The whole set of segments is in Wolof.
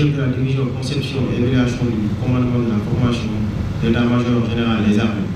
chef de la division conception et évaluation du commandement de la formation de l'état-major général des armées.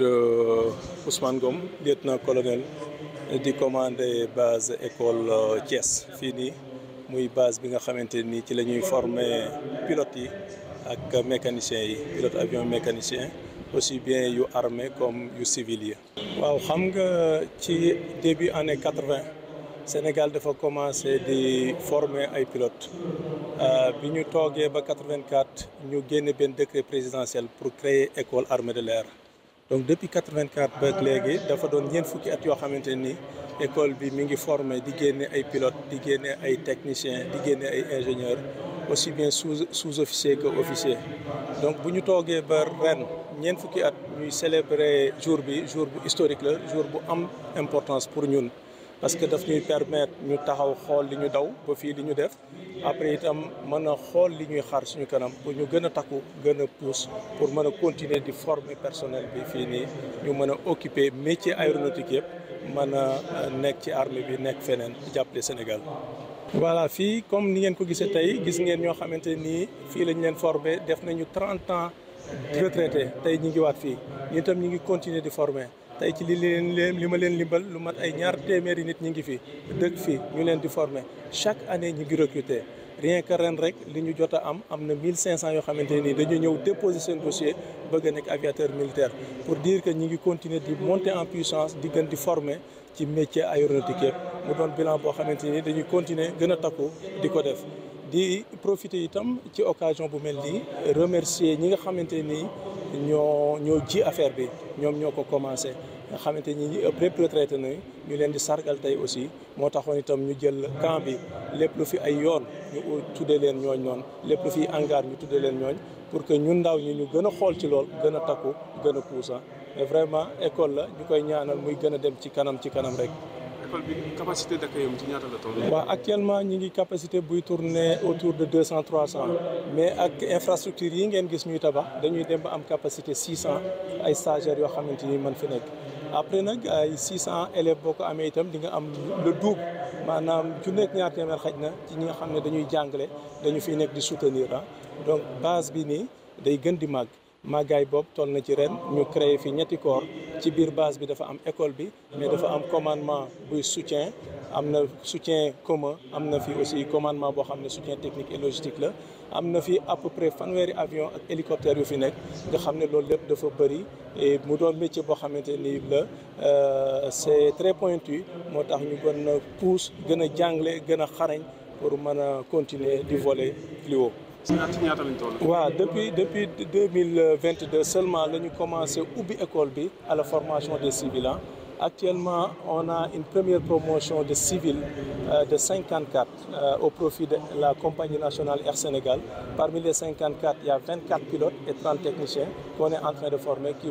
de euh, Ousmane Gom lieutenant-colonel di commandé base école euh, Thiès fii nii muy base bi nga xamante nii ci la ñuy former pilotes yi ak mécaniciens yi pilote avion mécanicien aussi bien yu armé comme yu civil yi waaw xam nga ci début année quatre-vingt Sénégal dafa commencé di former ay pilotes euh, bi ñu toogee ba quatre quatre ñu génne benn décret présidentiel pour créer école armée de l'air donc depuis 84 ba léegi dafa doon ñeent fukki at yoo xamante ni école bi mi ngi formé di génne ay pilote di génne ay technicien di génne ay ingénieur aussi bien sous sous-officier que officier donc bu ñu toogee ba ren ñeent fukki at ñuy célébrer jour bi jour bu historique la jour bu am importance pour ñun parce que daf ñuy permettre ñu taxaw xool li ñu daw ba fii li ñu def après itam mën a xool li ñuy xaar suñu kanam pour ñu gën a takku gën a pousse pour mën a continuer di former personnel bi fii nii ñu mën a occuper métier aéronautique yëpp mën a euh, nekk ci armée bi nekk feneen jàppale Sénégal. voilà fii comme ni ngeen ko gisee tey gis ngeen ñoo xamante nii fii lañ leen former def nañu trente ans retraité tey ñu ngi waat fii ñun itam ñu ngi continuer di former. tey ci li leen li ma leen limbal lu mat ay ñaar téeméeri nit ñi ngi fi dëkk fii ñu leen di former chaque année ñu ngi recruter rien que ren rek li ñu jot am am na 1500 yoo xamante nii dañu ñëw déposer seen dossier bëgg a nekk aviateur militaire pour dire que ñi ngi continuer di monter en puissance di gën di former ci métier aéronautique yëpp mu doon bilan boo xamante nii dañuy continuer gën a takku di ko def di profiter itam ci occasion bu mel di remercier ñi nga xamante ni ñoo ñoo ji affaire bi ñoom ñoo ko commencé nga xamante ni ñi ëpp lépp retraité na ñu leen di sargal tey aussi moo taxoon itam ñu jël camp bi lépp lu fi ay yoon ñu tuddee leen ñooñ noonu lépp lu fi hangar ñu tuddee leen ñooñ pour que ñun ndaw ñi ñu gën a xool ci lool gën a takku gën a puusa mais vraiment école la ñu koy ñaanal muy gën a dem ci kanam ci kanam rek école capacité d'accueil ñaata la toll. waaw actuellement ñi ngi capacité buy tourner autour de deux cent trois mais ak infrastructure yi ngeen gis ñuy tabax dañuy dem ba am capacité six cent ay stagiaires yoo xamante ni mën fi nekk. après nag ay six cent élèves boo ko amee itam di nga am le double maanaam ju nekk ñaar téeméer xaj na ci ñi xam ne dañuy jàngale dañu fi nekk di soutenir ah donc base bi nii day gën di màgg. màggaay boobu toll na ci ren ñu créé fi ñetti corps ci biir base bi dafa am école bi mais dafa am commandement buy soutien am na soutien commun am na fi aussi commandement boo xam ne soutien technique et logistique la am na fi à peu près fanweeri avion ak hélicoptère yu fi nekk nga xam ne loolu lépp dafa bëri et mu doon métier boo xamante ni la euh, c'est très pointu moo tax ñu gën na pousse gën a jàngle gën a xarañ pour mën a continuer di voler plus waaw depuis depuis deux mille vingt deux seulement la ñu commencé ubbi école bi à formation des civils actuellement on a une première promotion de civils euh, de cinquante quatre euh, au profit de la compagnie nationale Air Sénégal parmi les cinquante quatre il y a vingt quatre pilotes et trente techniciens qu'on est en train de former qui